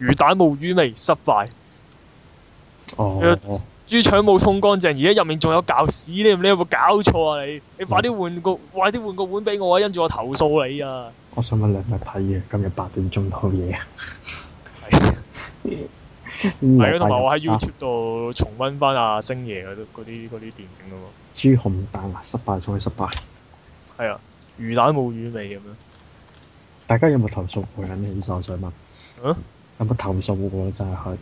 魚蛋冇魚味，失敗。哦。豬腸冇沖乾淨，而家入面仲有,有,有搞屎，你你有冇搞錯啊？你，你快啲換個，嗯、快啲換個碗俾我啊！因住我投訴你啊！我想問兩日睇嘢？今日八點鐘冇嘢啊。係啊，同埋我喺 YouTube 度重温翻阿星爺嗰啲嗰啲電影啊嘛。豬紅蛋啊，失敗，再失敗。係啊，魚蛋冇魚味咁樣。 大家有冇投訴附近嘅醫生？想問。嗯？ 有冇投訴過真就係，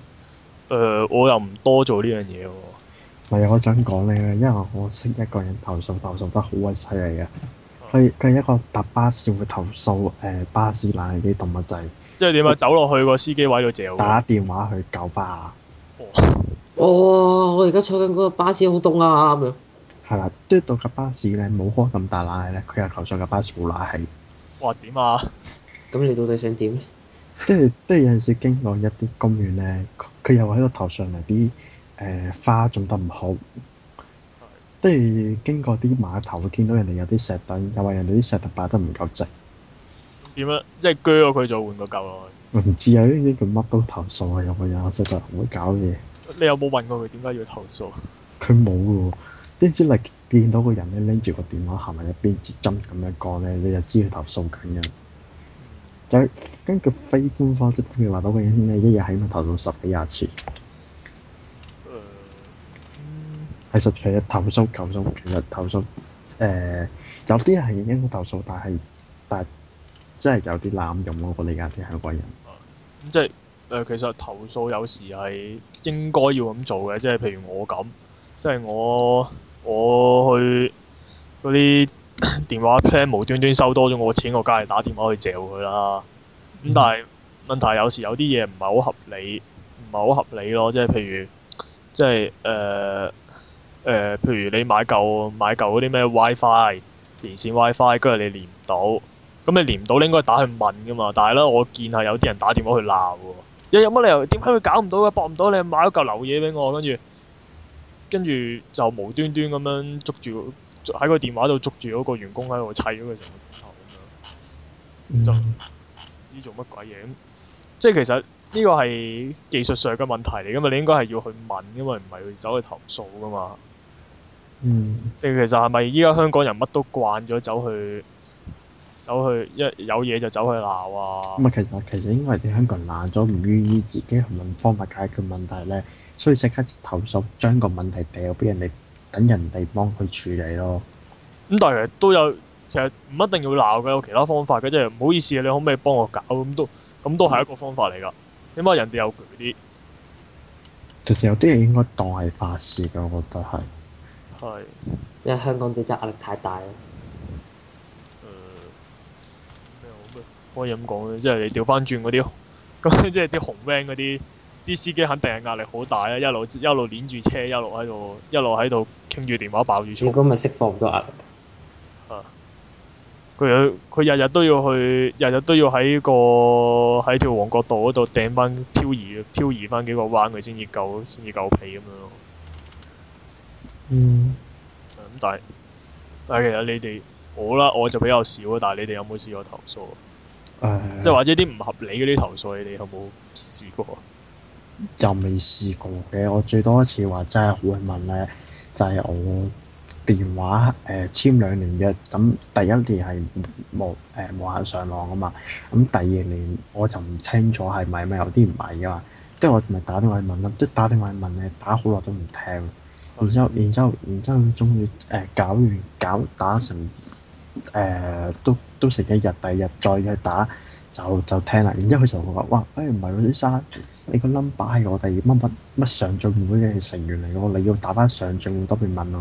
誒，我又唔多做呢樣嘢喎。咪我想講咧，因為我識一個人投訴投訴得好鬼犀利嘅，佢佢一個搭巴士會投訴誒巴士冷氣動物仔。即係點啊？走落去個司機位度借。打電話去九巴。哦，我而家坐緊嗰個巴士好凍啊！咁樣。係啦，嘟到架巴士咧，冇開咁大冷氣咧，佢又投訴架巴士冇冷氣。哇！點啊？咁你到底想點咧？即係即係有陣時經過一啲公園咧，佢又喺個頭上嚟啲誒花種得唔好。即係經過啲碼頭，見到人哋有啲石凳，又話人哋啲石凳擺得唔夠直。點樣？即係鋸咗佢就換個舊咯。我唔知啊，呢啲叫乜都投訴啊，有個人識得唔會搞嘢。你有冇問過佢點解要投訴？佢冇嘅喎，點知嚟見到人個人咧，拎住個電話行埋一邊，節針咁樣講咧，你就知佢投訴緊嘅。就係根據非官方式嚟話，到個人咧一日起碼投訴十幾廿次。誒、呃，嗯。係實其實投訴求訴，其實投訴誒、呃、有啲係應該投訴，但係但係真係有啲濫用咯。我理解啲香港人，咁、嗯、即係誒、呃，其實投訴有時係應該要咁做嘅，即係譬如我咁，即係我我去嗰啲。電話 plan 無端端收多咗我錢，我梗係打電話去嚼佢啦。咁、嗯嗯、但係問題有時有啲嘢唔係好合理，唔係好合理咯。即係譬如，即係誒誒，譬如你買嚿買嚿嗰啲咩 WiFi 連線 WiFi，跟住你連唔到，咁你連唔到你應該打去問㗎嘛。但係咧，我見係有啲人打電話去鬧喎、欸。有有乜理由？點解佢搞唔到嘅，博唔到你買咗嚿流嘢俾我，跟住跟住就無端端咁樣捉住。喺個電話度捉住嗰個員工喺度砌咗佢成個頭咁樣就，就唔知做乜鬼嘢咁，即係其實呢個係技術上嘅問題嚟噶嘛，你應該係要去問因為，唔係去走去投訴噶嘛。嗯。定其實係咪依家香港人乜都慣咗走去走去一有嘢就走去鬧啊？唔係其實其實因為你香港人懶咗，唔願意自己問方法解決問題咧，所以即刻投訴，將個問題掉俾人哋。等人哋幫佢處理咯。咁但係都有，其實唔一定要鬧嘅，有其他方法嘅，即係唔好意思，你可唔可以幫我搞？咁都咁都係一個方法嚟㗎。因為人哋有佢啲。其實有啲嘢應該當係法事嘅，我覺得係。係是，即係香港地啲壓力太大啦。咩、呃、我都可以咁講嘅，即、就、係、是、你調翻轉嗰啲，咁即係啲紅 van 嗰啲。啲司機肯定係壓力好大啊！一路一路攆住車，一路喺度，一路喺度傾住電話，爆住粗口。咁咪釋放唔多壓力。啊！佢佢日日都要去，日日都要喺個喺條黃角道嗰度掟翻漂移，漂移翻幾個彎，佢先至夠，先至夠皮咁樣咯。嗯。咁但係，但係其實你哋我啦，我就比較少。但係你哋有冇試過投訴？即係、嗯、或者啲唔合理嗰啲投訴，你哋有冇試過、嗯嗯嗯又未試過嘅，我最多一次話真係好去問咧，就係、是、我電話誒、呃、簽兩年約，咁、嗯、第一年係冇誒冇得上網啊嘛，咁、嗯、第二年我就唔清楚係咪，咪有啲唔係噶嘛，跟住我咪打電話去問啦，即係打電話去問咧，打好耐都唔聽，然之後，然之後，然之後終於誒搞完搞打成誒、呃、都都成一日，第二日再去打。就就聽啦，然之後佢就話：哇，誒唔係喎，啲生，你個 number 係我哋乜乜乜上進會嘅成員嚟喎，你要打翻上進會多啲問喎。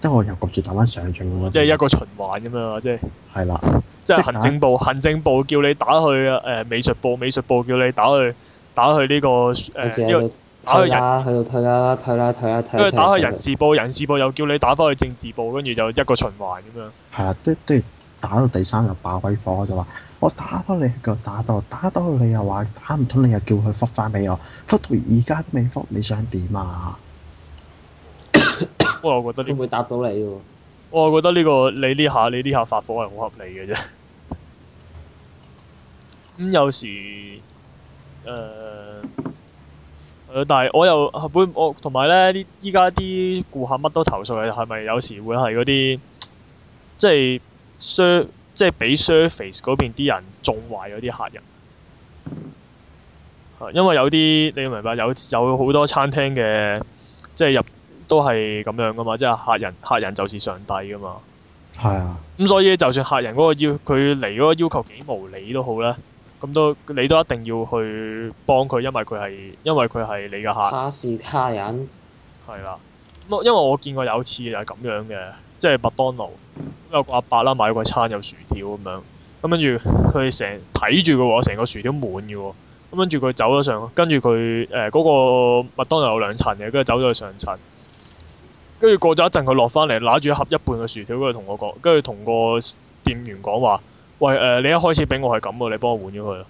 即係我又焗住打翻上進會。即係一個循環咁樣啊！即係。係啦。即係行政部，打行政部叫你打去誒美術部，美術部叫你打去打去呢、這個誒，因、呃、為打，打去人。喺度睇啦，睇啦、啊，睇啦、啊，睇啦、啊。啊、因為打去人事部，人事部又叫你打翻去政治部，跟住就一個循環咁樣。係啦，的打到第三日爆鬼火，就話我打翻你個，打到打到你又話打唔通，你又叫佢復翻俾我，復到而家都未復，你想點啊？不過 我覺得、呢個、會唔會答到你喎、啊？我覺得呢、呢個你呢下你呢下發火係好合理嘅啫。咁 有時，誒、呃，誒、呃，但係我又後背我同埋咧，呢依家啲顧客乜都投訴你，係咪有時會係嗰啲，即係。Sur，即係俾 service 嗰邊啲人縱壞嗰啲客人，因為有啲你要明白，有有好多餐廳嘅即係入都係咁樣噶嘛，即係客人客人就是上帝噶嘛。係啊。咁、嗯、所以就算客人嗰個要佢嚟嗰個要求幾無理好都好啦，咁都你都一定要去幫佢，因為佢係因為佢係你嘅客人。他是他人。係啦、啊。因為我見過有次就係咁樣嘅，即係麥當勞有個阿伯啦，買個餐有薯條咁樣，咁跟住佢成睇住個喎，成個薯條滿嘅喎，咁跟住佢走咗上，跟住佢誒嗰個麥當勞有兩層嘅，跟住走咗去上層，跟住過咗一陣佢落翻嚟，拿住一盒一半嘅薯條，跟住同我講，跟住同個店員講話，喂誒、呃，你一開始俾我係咁喎，你幫我換咗佢啊。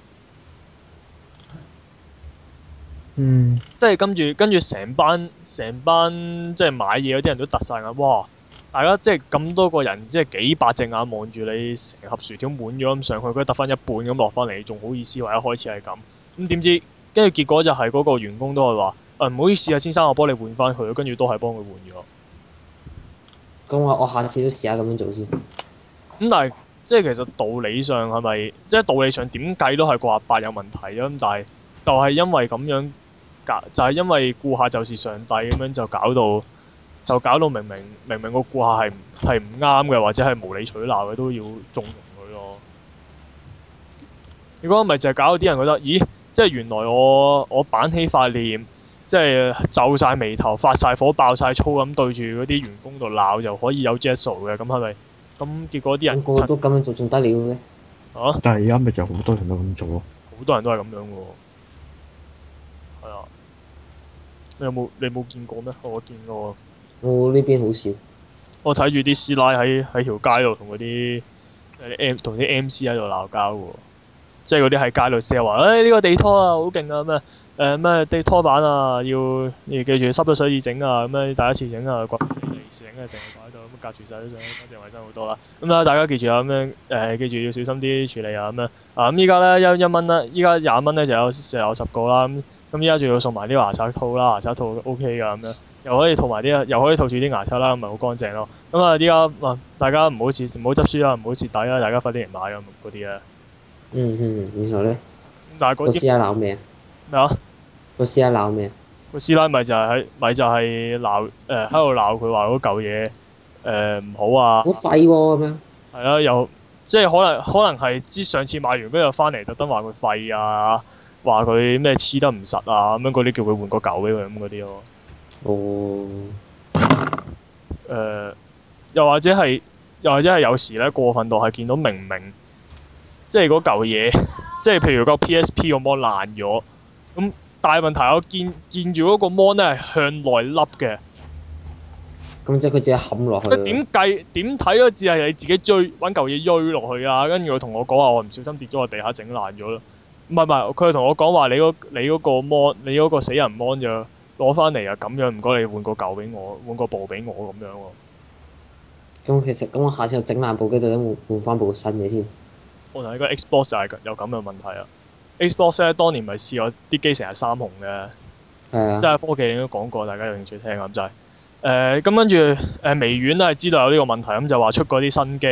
嗯，即係跟住跟住成班成班即係買嘢嗰啲人都突晒眼，哇！大家即係咁多個人，即係幾百隻眼望住你，成盒薯條滿咗咁上去，佢得翻一半咁落翻嚟，仲好意思話一開始係咁？咁、嗯、點知跟住結果就係嗰個員工都係話，誒、啊、唔好意思啊，先生，我幫你換翻佢，跟住都係幫佢換咗。咁我我下次都試下咁樣做先。咁、嗯、但係即係其實道理上係咪即係道理上點計都係個阿伯有問題咯？咁但係就係因為咁樣。就係因為顧客就是上帝咁樣，就搞到就搞到明明明明個顧客係係唔啱嘅，或者係無理取鬧嘅，都要縱容佢咯。如果唔係就係搞到啲人覺得，咦，即係原來我我板起塊臉，即係皺晒眉頭、發晒火、爆晒粗咁對住嗰啲員工度鬧就可以有質素嘅，咁係咪？咁結果啲人個個都咁樣做，仲得了嘅？但係而家咪就好多人都咁做咯，好、啊、多人都係咁樣喎。你有冇你冇見過咩？哦，我見過。我呢邊好少。我睇住啲師奶喺喺條街度同嗰啲誒 M 同啲 MC 喺度鬧交嘅喎。即係嗰啲係街內師又話，誒呢、欸這個地拖啊好勁啊，咩誒咩地拖板啊，要你要記住濕咗水要整啊，咁樣第一次整啊，刮啲地整啊，成日喺度咁隔住晒啲水，乾淨衞生好多啦。咁啦，大家記住啊，咁樣誒記住要小心啲處理，嗯嗯、啊，咁樣啊咁依家咧一一蚊啦，依家廿蚊咧就有就有十個啦。嗯。咁依家仲要送埋啲牙刷套啦，牙刷套 O K 噶咁樣又，又可以套埋啲，又可以套住啲牙刷啦，咁咪好乾淨咯。咁啊，依家大家唔好折，唔好執輸啦，唔好蝕底啦，大家快啲嚟買咁嗰啲啊。嗯嗯，然後咧，個師奶鬧咩啊？咩啊？個師奶鬧咩？個師奶咪就係喺咪就係鬧誒喺度鬧佢話嗰嚿嘢誒唔好啊！好廢喎咁樣。係啊，又即係可能可能係知上次買完跟住翻嚟，特登話佢廢啊。話佢咩黐得唔實啊咁樣嗰啲，叫佢換個舊俾佢，咁嗰啲咯。哦。誒、呃，又或者係，又或者係有時咧，過分到係見到明明，即係嗰嚿嘢，即係譬如個 PSP 個芒爛咗，咁大問題，我見見住嗰個芒咧係向內凹嘅。咁即係佢自己冚落去。佢點計？點睇都只係你自己追搵嚿嘢追落去啊！跟住佢同我講話：我唔小心跌咗喺地下，整爛咗咯。唔係唔係，佢係同我講話你嗰、嗰個、你嗰個 mon 你嗰個死人 mon 啫，攞翻嚟啊咁樣，唔該你換個舊俾我，換個部俾我咁樣喎。咁其實咁我下次又整爛部機，就想換換翻部新嘅先。我睇個 Xbox 又係有咁嘅問題啊！Xbox 呢當年咪試過啲機成日三紅嘅，即係、啊、科技你都講過，大家有興趣聽咁就係誒，咁跟住誒，微軟都係知道有呢個問題，咁就話出過啲新機，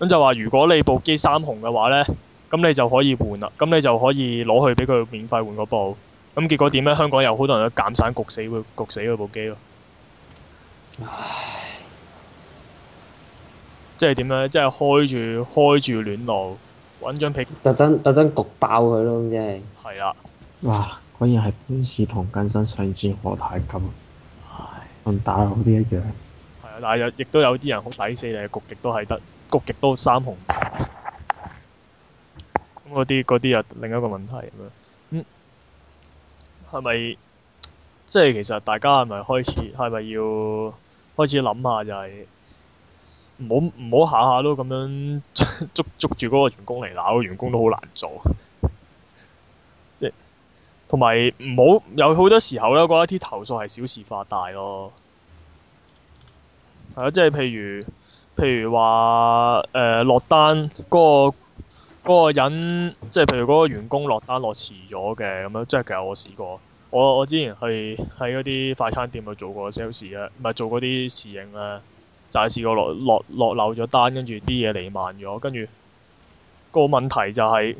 咁就話如果你部機三紅嘅話咧。咁你就可以換啦，咁你就可以攞去俾佢免費換個部，咁結果點呢？香港有好多人都減省焗死佢，焗死嗰部機咯。唉。即係點呢？即係開住開住暖爐，揾張被，特登特登焗爆佢咯，咁啫、就是。係啦、啊。哇！果然係潘氏同金身，上次何太急啊！唉，同打嗰啲一樣。係、嗯、些啊，但係又亦都有啲人好抵死嚟焗極都係得，焗極都，焗都，焗都，焗都三紅。嗰啲嗰啲啊，另一個問題咁樣。嗯，係咪即係其實大家係咪開始係咪要開始諗下，就係唔好唔好下下都咁樣捉捉，捉住嗰個員工嚟鬧，員工都好難做。即係同埋唔好有好多時候咧，覺得啲投訴係小事化大咯。係啊，即係譬如譬如話誒、呃、落單嗰、個。嗰個人即係譬如嗰個員工落單落遲咗嘅咁樣，即係其實我試過。我我之前去喺嗰啲快餐店度做過 sales 啊，唔係做嗰啲侍應啊，就係試過落落落落漏咗單，跟住啲嘢嚟慢咗，跟住個問題就係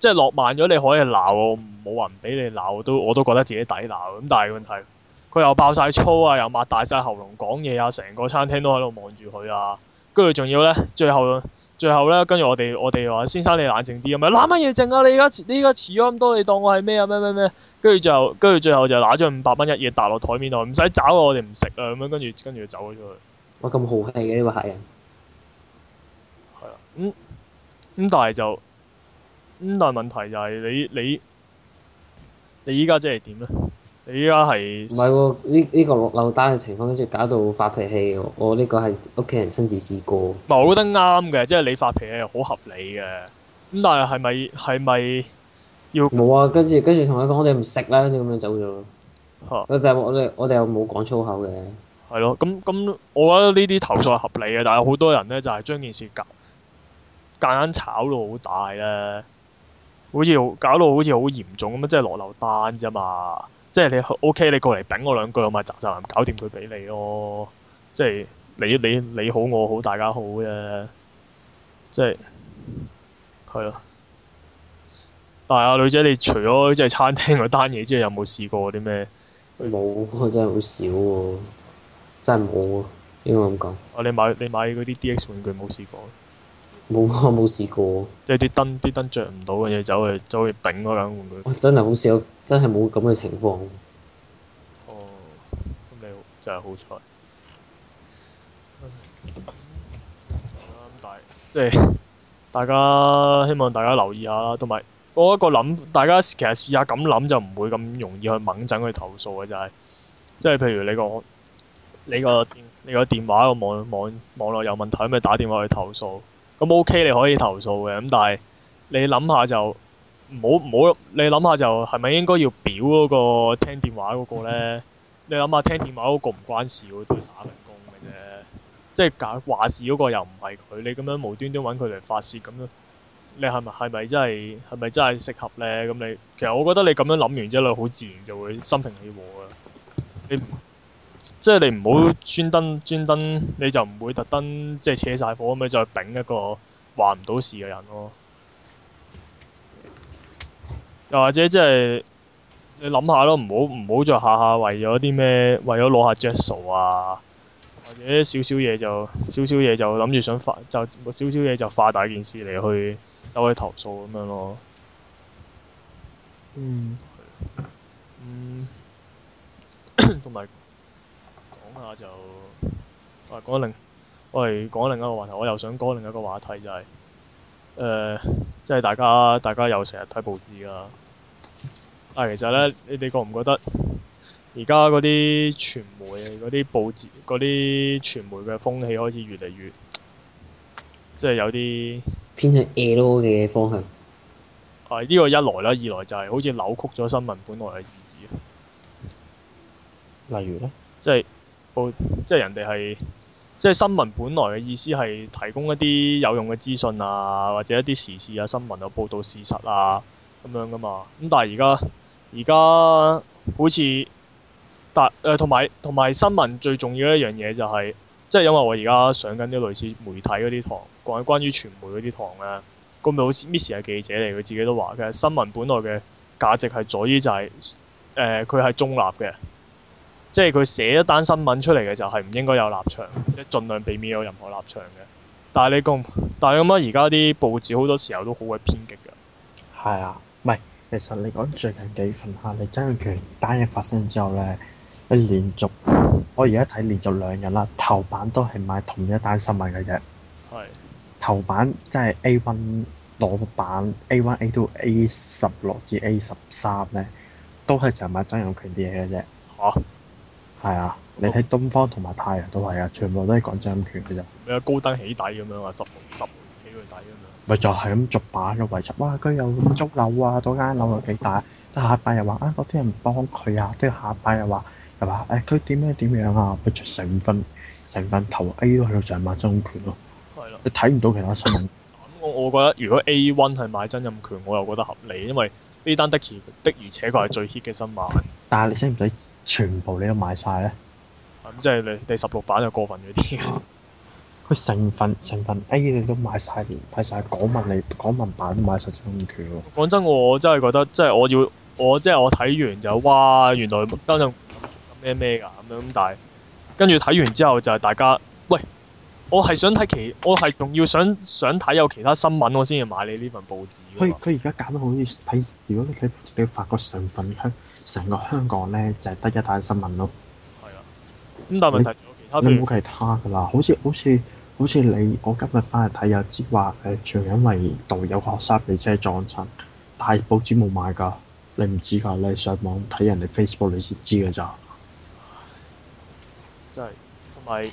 即係落慢咗，你可以鬧冇話唔俾你鬧，我都我都覺得自己抵鬧。咁但係問題佢又爆晒粗啊，又擘大晒喉嚨講嘢啊，成個餐廳都喺度望住佢啊，跟住仲要呢最後。最後最後最後咧，跟住我哋我哋話：先生你冷靜啲，唔係攬乜嘢靜啊！你而家你而家遲咗咁多，你當我係咩啊？咩咩咩？跟住就跟住最後就攞咗五百蚊一嘢打落台面度，唔使找啊！我哋唔食啊咁樣，跟住跟住就走咗出去。哇！咁豪氣嘅呢個客人。係啊，咁、這、咁、個嗯嗯嗯、但係就咁、嗯、但係問題就係你你你依家即係點咧？你依家係唔係喎？呢呢個落漏單嘅情況，跟住搞到發脾氣。我呢個係屋企人親自試過。唔係，我覺得啱嘅，即係你發脾氣係好合理嘅。咁但係係咪係咪要？冇啊！跟住跟住同佢講，我哋唔食啦，跟住咁樣走咗。嚇！但係我哋我哋又冇講粗口嘅。係咯，咁咁我覺得呢啲投訴係合理嘅，但係好多人咧就係將件事搞夾硬炒到好大啦，好似搞到好似好嚴重咁啊！即係落漏單啫嘛～即係你 OK，你過嚟頂我兩句，我咪集集人搞掂佢俾你咯。即係你你你好我好大家好啫。即係係咯。但係阿女仔，你除咗即係餐廳嗰單嘢之外，有冇試過啲咩？冇、啊，真係好少喎。真係冇喎，應該咁講、啊。你買你買嗰啲 DX 玩具冇試過。冇啊！冇試過，即係啲燈啲燈著唔到嘅嘢，走去走去頂嗰陣會唔會？真係好少，真係冇咁嘅情況。哦，咁你就係好彩。係啊，咁但係即係大家希望大家留意下啦，同埋我一個諗，大家其實試下咁諗就唔會咁容易去猛整去投訴嘅就係、是，即係譬如你個你個你個電話個網網網絡有問題，咁你打電話去投訴。咁 OK，你可以投訴嘅，咁但係你諗下就唔好唔好，你諗下就係咪應該要表嗰個聽電話嗰個呢？你諗下聽電話嗰個唔關事嘅，都係打份工嘅啫。即係搞話事嗰個又唔係佢，你咁樣無端端揾佢嚟發泄咁樣，你係咪係咪真係係咪真係適合呢？咁你其實我覺得你咁樣諗完之後，你好自然就會心平氣和啊。你。即係你唔好專登專登，你就唔會特登即係扯曬火咁樣，再頂一個話唔到事嘅人咯。又或者即係。你諗下咯，唔好唔好再下下為咗啲咩，為咗攞下著數啊，或者少少嘢就少少嘢就諗住想發就少少嘢就化大件事嚟去走去投訴咁樣咯。嗯。嗯。同埋。 啊！就啊，講另我嚟講另一個話題，我又想講另一個話題，就是，就係誒，即係大家大家又成日睇報紙啦。但、啊、其實咧，你哋覺唔覺得而家嗰啲傳媒，嗰啲報紙，嗰啲傳媒嘅風氣開始越嚟越即係有啲偏向嘅方向。啊！呢，這個一來啦，二來就係好似扭曲咗新聞本來嘅意義。例如咧，即係。即係人哋係，即係新聞本來嘅意思係提供一啲有用嘅資訊啊，或者一啲時事啊新聞啊報導事實啊咁樣噶嘛。咁但係而家，而家好似，但誒同埋同埋新聞最重要一樣嘢就係，即係因為我而家上緊啲類似媒體嗰啲堂，講關於傳媒嗰啲堂啊，咁咪好似 miss 係記者嚟，佢自己都話嘅新聞本來嘅價值係在於就係，誒佢係中立嘅。即係佢寫一單新聞出嚟嘅時候，係唔應該有立場，即係盡量避免有任何立場嘅。但係你咁，但係咁樣，而家啲報紙好多時候都好鬼偏激㗎。係啊，唔係，其實你講最近幾份嚇，你曾蔭權單嘢發生之後咧，啲連續，我而家睇連續兩日啦，頭版都係買同一單新聞嘅啫。係是。頭版即係 A one 落版，A one A two A 十六至 A 十三咧，都係就買曾蔭權啲嘢嘅啫，嚇、啊。係啊，你睇東方同埋太陽都係啊，全部都係講曾蔭權嘅啫。咩高登起底咁樣啊，十十起個底咁樣。咪就係咁逐把去圍襲。哇！佢然咁租樓啊，嗰間樓有幾大？得下擺又話啊，嗰啲人唔幫佢啊。跟住下擺又話，係咪啊？佢點樣點樣啊？咪就成分成分投 A 都喺度，就係買曾蔭權咯。係咯。你睇唔到其他新聞，嗯。我覺得，如果 A One 係買曾蔭權，我又覺得合理，因為呢單的其的，的而且確係最 hit 嘅新聞。但係你使唔使？全部你都買晒咧，咁、嗯、即係你第十六版就過分咗啲。佢成份，成份，A、欸、你都買晒，買晒港文你港文版都買晒張票喎。講真，我真係覺得，即、就、係、是、我要，我即係、就是、我睇完就哇，原來當陣咩咩㗎咁樣，但係跟住睇完之後就係大家，喂，我係想睇其，我係仲要想想睇有其他新聞，我先至買你呢份報紙。佢佢而家揀到好似睇，如果你睇你，你要發個成份。成個香港咧，就係得一單新聞咯。係啊，咁但係問題，你仲有其他冇其他㗎啦。好似好似好似你，我今日翻去睇有支話，誒、呃，全因維度有學生被車撞親，但係報紙冇買㗎，你唔知㗎，你上網睇人哋 Facebook 你先知㗎咋。真係，同埋，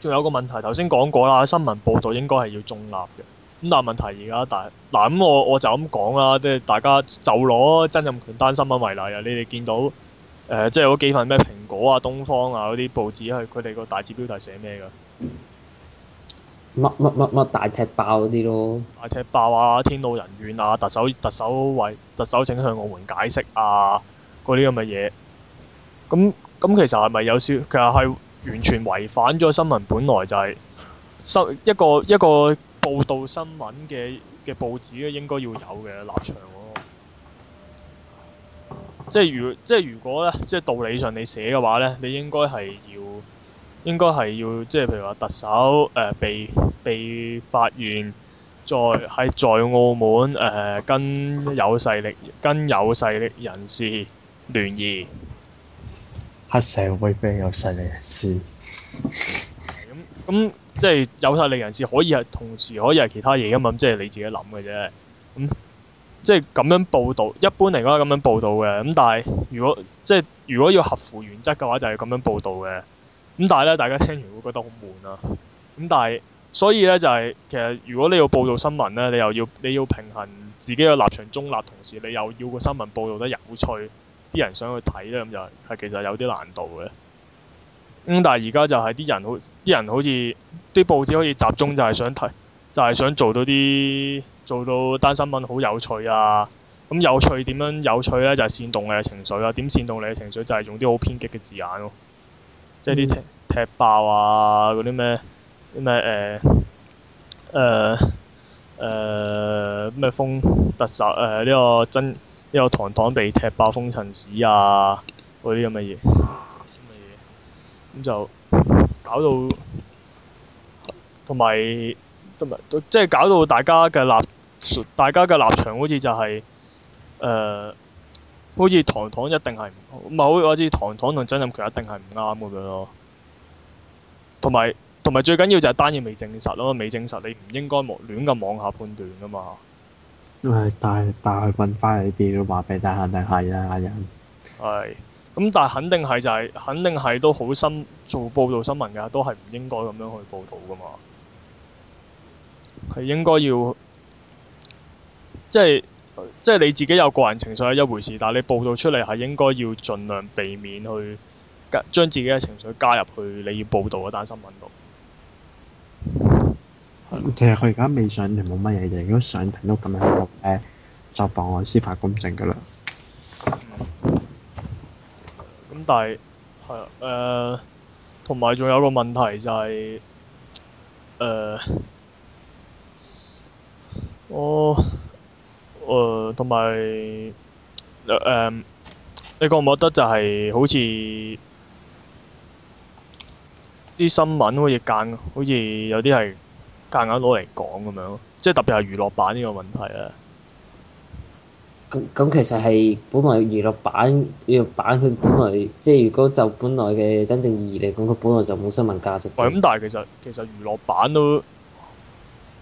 仲有個問題，頭先講過啦，新聞報導應該係要中立嘅。咁但係問題而家但，嗱咁，我我就咁講啦，即係大家就攞曾蔭權單新聞為例啊！你哋見到誒、呃，即係嗰幾份咩蘋果啊、東方啊嗰啲報紙，佢佢哋個大字標題寫咩㗎？乜乜乜乜大踢爆嗰啲咯，大踢爆啊！天怒人怨啊！特首特首為特首請向我們解釋啊！嗰啲咁嘅嘢，咁咁其實係咪有少？其實係完全違反咗新聞本來就係新一個一個。一個一個報道新聞嘅嘅報紙咧，應該要有嘅立場咯。即係如即係如果咧，即係道理上你寫嘅話咧，你應該係要，應該係要即係譬如話特首誒、呃、被被法院在喺在澳門誒、呃、跟有勢力跟有勢力人士聯誼。黑社會 friend 有勢力人士。咁咁、 嗯。即係有勢力人士可以係同時可以係其他嘢噶嘛，即係你自己諗嘅啫。咁、嗯、即係咁樣報導，一般嚟講係咁樣報導嘅。咁但係如果即係如果要合乎原則嘅話，就係咁樣報導嘅。咁但係咧，大家聽完會覺得好悶啊。咁但係，所以咧就係、是、其實，如果你要報導新聞咧，你又要你要平衡自己嘅立場中立，同時你又要個新聞報導得有趣，啲人想去睇咧，咁就係其實有啲難度嘅。咁、嗯、但係而家就係啲人，人好，啲人好似啲報紙可以集中就係想睇，就係、是、想做到啲做到單新聞好有趣啊！咁有趣點樣有趣咧？就係、是、煽動你嘅情緒啦、啊。點煽動你嘅情緒？就係用啲好偏激嘅字眼咯、啊，即係啲踢，踢爆啊，嗰啲咩咩誒誒誒咩風特首誒呢個真呢、這個堂堂被踢爆封塵史啊！嗰啲咁嘅嘢。咁、嗯、就搞到，同埋同埋即係搞到大家嘅立，大家嘅立場好似就係、是，誒、呃，好似唐唐一定係唔，唔係好似唐唐同曾蔭權一定係唔啱咁樣咯。同埋同埋最緊要就係，單嘢未證實咯，未證實你唔應該妄亂咁妄下判斷噶嘛。唔係、哎，但係但係揾翻你啲話俾，但係肯定係啊，阿仁。係、哎。哎咁但係肯定係就係，肯定係都好新做報道新聞㗎，都係唔應該咁樣去報道㗎嘛。係應該要，即係即係你自己有個人情緒係一回事，但係你報道出嚟係應該要盡量避免去加將自己嘅情緒加入去你要報道嗰單新聞度。其實佢而家未上庭冇乜嘢嘅，如果上庭都咁樣誒，就妨礙司法公正㗎啦。咁但係，係啊，誒同埋仲有個問題，就係誒，我誒，同埋誒，你覺唔覺得就係好似啲新聞好似間，好似有啲係間硬攞嚟講咁樣，即係特別係娛樂版呢個問題啊！咁其實係本來娛樂版，娛樂版佢本來即係如果就本來嘅真正意義嚟講，佢本來就冇新聞價值。喂，咁但係其實其實娛樂版都，誒、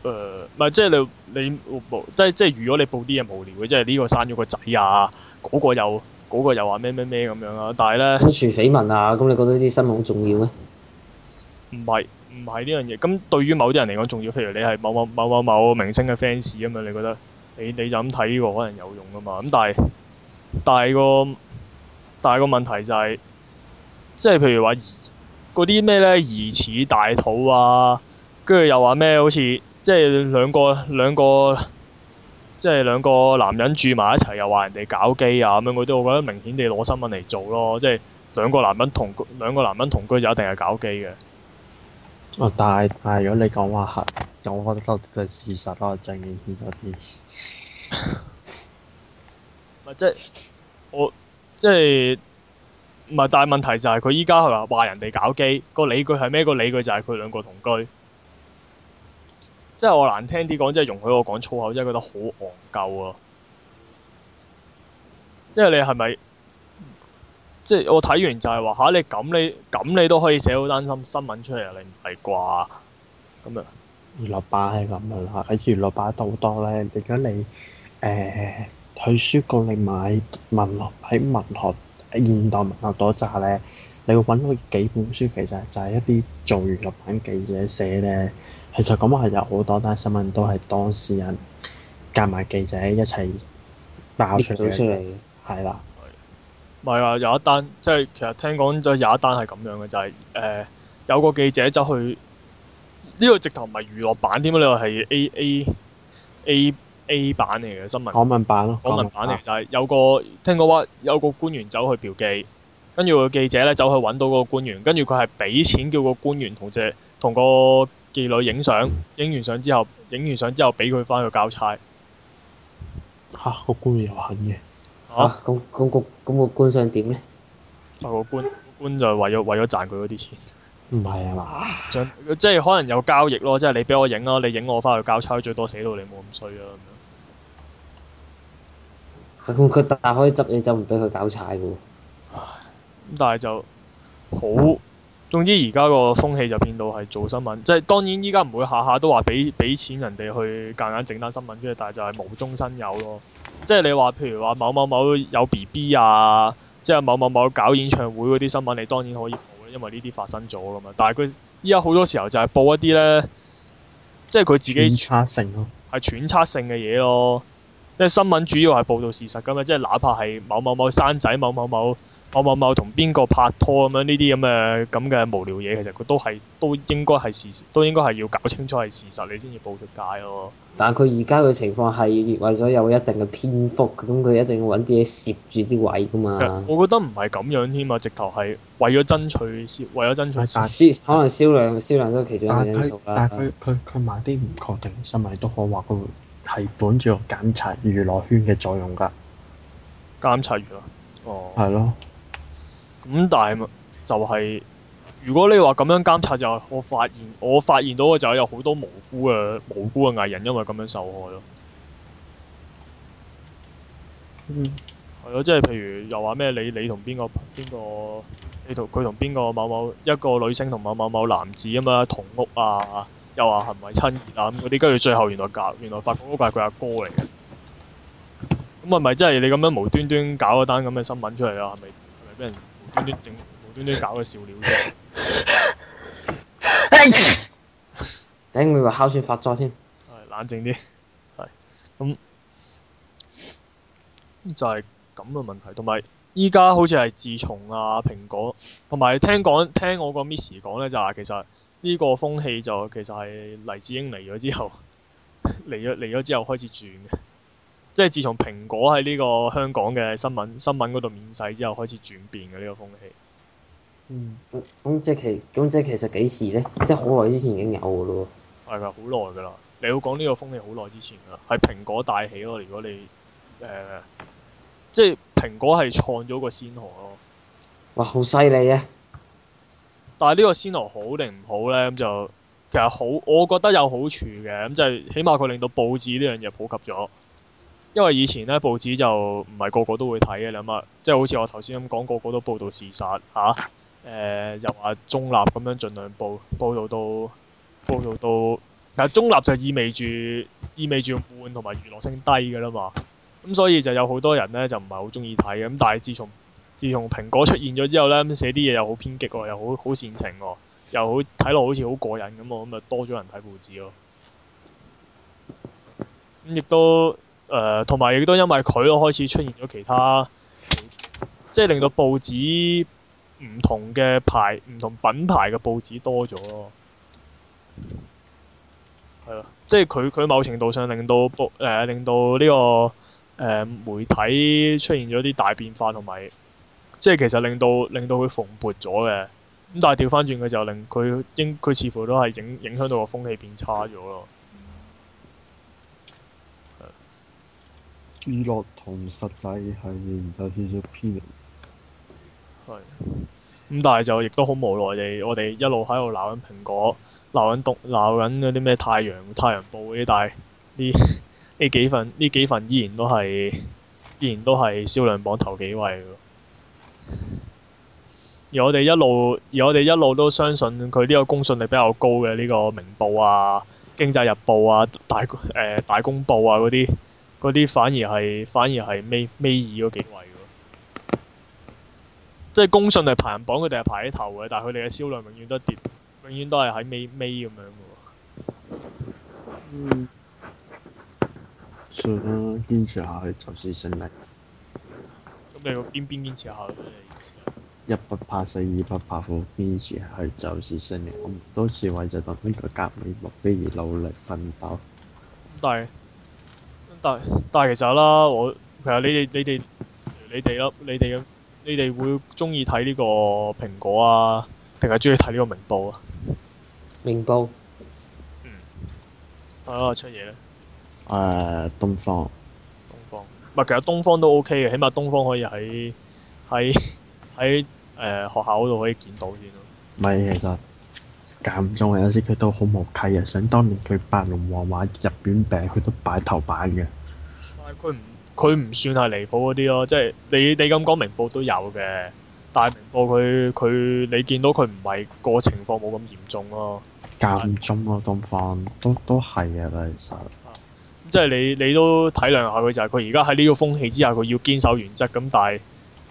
呃，唔係即係你你、呃、即係即係如果你報啲嘢無聊嘅，即係呢個生咗個仔啊，嗰、那個又嗰、那個、又話咩咩咩咁樣啊，但係咧，傳緋聞啊，咁你覺得呢啲新聞好重要咩？唔係唔係呢樣嘢，咁對於某啲人嚟講重要，譬如你係某某某某某明星嘅 fans 啊嘛，你覺得？你你就咁睇呢個可能有用噶嘛，咁但係，但係個，但係個問題就係，即係譬如話，嗰啲咩呢？疑似大肚啊，跟住又話咩好似，即係兩個兩個，即係兩個男人住埋一齊又話人哋搞基啊咁樣嗰啲，我覺得明顯地攞新聞嚟做咯，即係兩個男人同居，兩個男人同居就一定係搞基嘅。哦，但係如果你講話係。我覺得都係事實咯，正義嗰啲咪即係我即係唔係？但係問題就係佢依家佢話話人哋搞基個理據係咩？個理據就係佢兩個同居，即係我難聽啲講，即係容許我講粗口，即係覺得好戇鳩啊！因為你係咪即係我睇完就係話嚇？你咁你咁你都可以寫到單新聞出嚟啊？你唔係啩咁樣？娛樂版係咁樣啦，喺娛樂版度好多咧。如果你誒去書局，你買文學喺文學喺現代文學多揸咧，你會揾到幾本書，其實就係一啲做娛樂版記者寫咧。其實咁話係有好多單新聞都係當事人夾埋記者一齊爆出嚟。係啦，係咪啊？有一單即係其實聽講咗有一單係咁樣嘅，就係誒有個記者走去。呢個直頭唔係娛樂版添啊！呢個係 A A A A 版嚟嘅新聞。港聞版咯，港聞版嚟，版就係有個、啊、聽講話有個官員走去嫖妓，跟住個記者咧走去揾到嗰個官員，跟住佢係俾錢叫個官員同只同個妓女影相，影完相之後，影完相之後俾佢翻去交差。嚇、啊！個官員又肯嘅嚇，咁咁個咁個官相點呢？啊、嗰個官、嗰個、官就係為咗為咗賺佢嗰啲錢。唔係啊嘛，即係可能有交易咯，即係你俾我影啦，你影我，我翻去交差，最多死到你冇咁衰啊。咁樣，咁，佢打開執嘢就唔俾佢搞踩嘅喎。咁但係就好，總之而家個風氣就變到係做新聞，即係當然依家唔會下下都話俾俾錢人哋去夾硬整單新聞，跟住但係就係無中生有咯。即係你話譬如話某某某有 BB 啊，即係某某某搞演唱會嗰啲新聞，你當然可以。因為呢啲發生咗噶嘛，但係佢依家好多時候就係報一啲咧，即係佢自己係揣測性嘅嘢咯。即係新聞主要係報道事實噶嘛，即係哪怕係某某某生仔某某某。我某某某同邊個拍拖咁樣呢啲咁嘅咁嘅無聊嘢，其實佢都係都應該係事實，都應該係要搞清楚係事實，你先至報出街咯、啊。但係佢而家嘅情況係為咗有一定嘅篇幅，咁佢一定要揾啲嘢攝住啲位噶嘛。我覺得唔係咁樣添啊！直頭係為咗爭取銷，為咗爭取銷。可能銷量銷量都係其中一個因素。但係佢佢佢買啲唔確定，甚至係都可話佢係本住個監察娛樂圈嘅作用㗎。監察娛樂？哦、oh.。係咯。咁、嗯、但係就係、是、如果你話咁樣監察就我發現我發現到嘅就有好多無辜嘅無辜嘅藝人因為咁樣受害咯。嗯。係咯，即係譬如又話咩？你你同邊個邊個？你同佢同邊個某某一個女星同某某某男子咁嘛？同屋啊，又話係咪係親熱啊咁嗰啲，跟住最後原來搞原來發覺個係佢阿哥嚟嘅。咁係咪即係你咁樣無端端搞一單咁嘅新聞出嚟啊？係咪係咪俾人？無端端搞個笑料啫，頂佢個哮喘發作添。係冷靜啲，係咁就係咁嘅問題。同埋依家好似係自從啊蘋果，同埋聽講聽我個 Miss 講呢，就話、是、其實呢個風氣就其實係黎智英嚟咗之後嚟咗嚟咗之後開始轉嘅。即係自從蘋果喺呢個香港嘅新聞新聞嗰度面世之後，開始轉變嘅呢、這個風氣。嗯，咁即係其咁即係其實幾時呢？即係好耐之前已經有嘅咯喎。係咪好耐㗎啦？你要講呢個風氣好耐之前㗎啦，係蘋果帶起咯。如果你誒、呃，即係蘋果係創咗個先河咯。哇！好犀利啊！但係呢個先河好定唔好呢？咁、嗯、就其實好，我覺得有好處嘅咁、嗯，就係、是、起碼佢令到報紙呢樣嘢普及咗。因為以前呢，報紙就唔係個個都會睇嘅啦嘛，即係好似我頭先咁講，個個都報道事實吓，誒、啊呃、又話中立咁樣盡量報報道到報道到，但係中立就意味住意味住悶同埋娛樂性低嘅啦嘛，咁、嗯、所以就有好多人呢，就唔係好中意睇嘅，咁、嗯、但係自從自從蘋果出現咗之後呢，咁寫啲嘢又好偏激、哦，又好好煽情、哦，又好睇落好似好過癮咁、哦，咁、嗯、咪多咗人睇報紙咯、哦，咁、嗯、亦都。誒，同埋亦都因為佢，開始出現咗其他，即係令到報紙唔同嘅牌，唔同品牌嘅報紙多咗咯。係咯，即係佢佢某程度上令到報誒，令到呢個誒媒體出現咗啲大變化，同埋即係其實令到令到佢蓬勃咗嘅。咁但係調翻轉，佢就令佢應，佢似乎都係影影響到個風氣變差咗咯。娛樂同實際係有少少偏，係咁， 但係就亦都好無奈地，我哋一路喺度鬧緊蘋果，鬧緊讀，鬧緊嗰啲咩太陽太陽報嗰啲，但係呢呢幾份呢幾份依然都係依然都係銷量榜頭幾位，而我哋一路而我哋一路都相信佢呢個公信力比較高嘅呢、呢個明報啊、經濟日報啊、大誒、呃、大公報啊嗰啲。嗰啲反而係，反而係尾尾二嗰幾位嘅喎，即係公信力排行榜，佢哋係排喺頭嘅，但係佢哋嘅銷量永遠都係跌，永遠都係喺尾尾咁樣嘅喎。嗯，算啦，堅持下去就是勝利。咁你邊邊堅持下啫？一不怕死，二不怕苦，堅持下去就是勝利。都係為就等呢個革命目標而努力奮鬥。咁但係。但但係其實啦，我其實你哋你哋你哋啦，你哋你哋會中意睇呢個蘋果啊，定係中意睇呢個明報啊？明報，嗯，係啊，出嘢咧？誒，uh, 東方東方，唔係，其實東方都 O K 嘅，起碼東方可以喺喺喺誒學校嗰度可以見到先咯。唔係其實～ 間中有時佢都好無稽啊，想當年佢白龍王話入扁餅，佢都擺頭版嘅。佢唔佢唔算係離譜嗰啲咯，即係你你咁講明報都有嘅，但係明報佢佢你見到佢唔係個情況冇咁嚴重咯。間中咯、啊，東方都都係啊，其實、啊。即係你你都體諒下佢，就係佢而家喺呢個風氣之下，佢要堅守原則咁，但係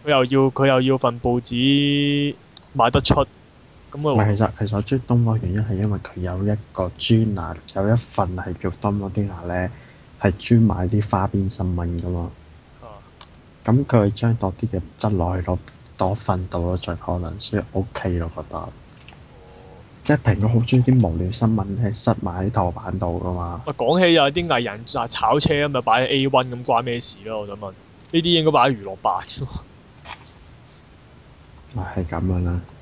佢又要佢又要份報紙賣得出。咁我、嗯、其實其實我中意東網原因係因為佢有一個專欄，有一份係叫東網啲啊咧，係專買啲花邊新聞噶嘛。咁佢、啊嗯、將多啲嘅質落去攞攞份到咯，最可能所以 OK 咯，我覺得。即係蘋果好中意啲無聊新聞咧，塞埋喺頭版度噶嘛。喂，講起又有啲藝人啊炒車咁咪擺喺 A One 咁關咩事咯？我想問，呢啲應該擺喺娛樂版咯。咪係咁樣啦～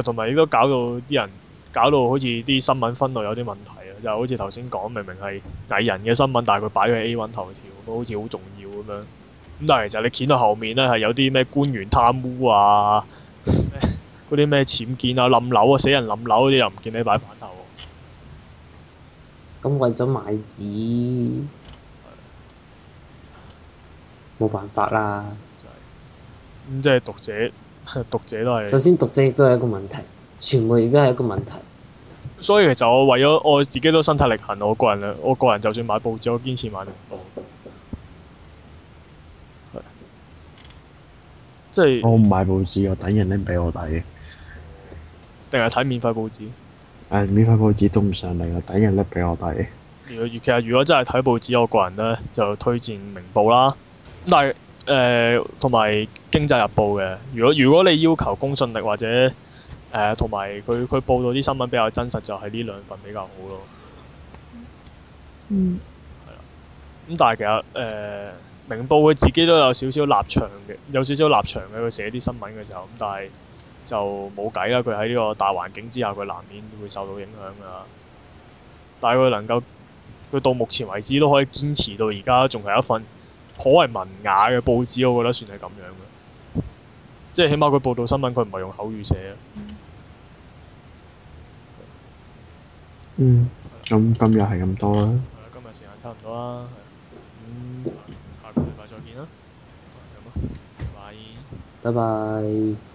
同埋亦都搞到啲人，搞到好似啲新聞分類有啲問題啊！就係、好似頭先講，明明係藝人嘅新聞，但係佢擺喺 A-one 頭條，都好似好重要咁樣。咁但係其實你見到後面咧，係有啲咩官員貪污啊，嗰啲咩僭建啊、冧樓啊、死人冧樓嗰啲，又唔見你擺版頭喎、啊。咁為咗賣紙，冇的辦法啦。咁即係讀者。係讀者都係。首先讀者亦都係一個問題，全部亦都係一個問題。所以其實我為咗我自己都身體力行，我個人我個人就算買報紙，我堅持買明報。即係。即係、我唔買報紙，我等人拎俾我睇。定係睇免費報紙。誒、啊，免費報紙都唔上嚟，我等人拎俾我睇。如其實如果真係睇報紙，我個人咧就推薦明報啦。但係嗱。誒同埋經濟日報嘅，如果如果你要求公信力或者誒同埋佢佢報道啲新聞比較真實，就係呢兩份比較好咯。嗯。係啦、嗯。咁但係其實誒、呃、明報佢自己都有少少立場嘅，有少少立場嘅佢寫啲新聞嘅時候，咁但係就冇計啦。佢喺呢個大環境之下，佢難免會受到影響㗎。但係佢能夠，佢到目前為止都可以堅持到而家，仲係一份頗為文雅嘅報紙，我覺得算係咁樣嘅，即係起碼佢報道新聞，佢唔係用口語寫。嗯嗯。嗯。嗯。咁今日係咁多啦。今日時間差唔多啦。咁下個禮拜再見啦。拜拜。拜拜。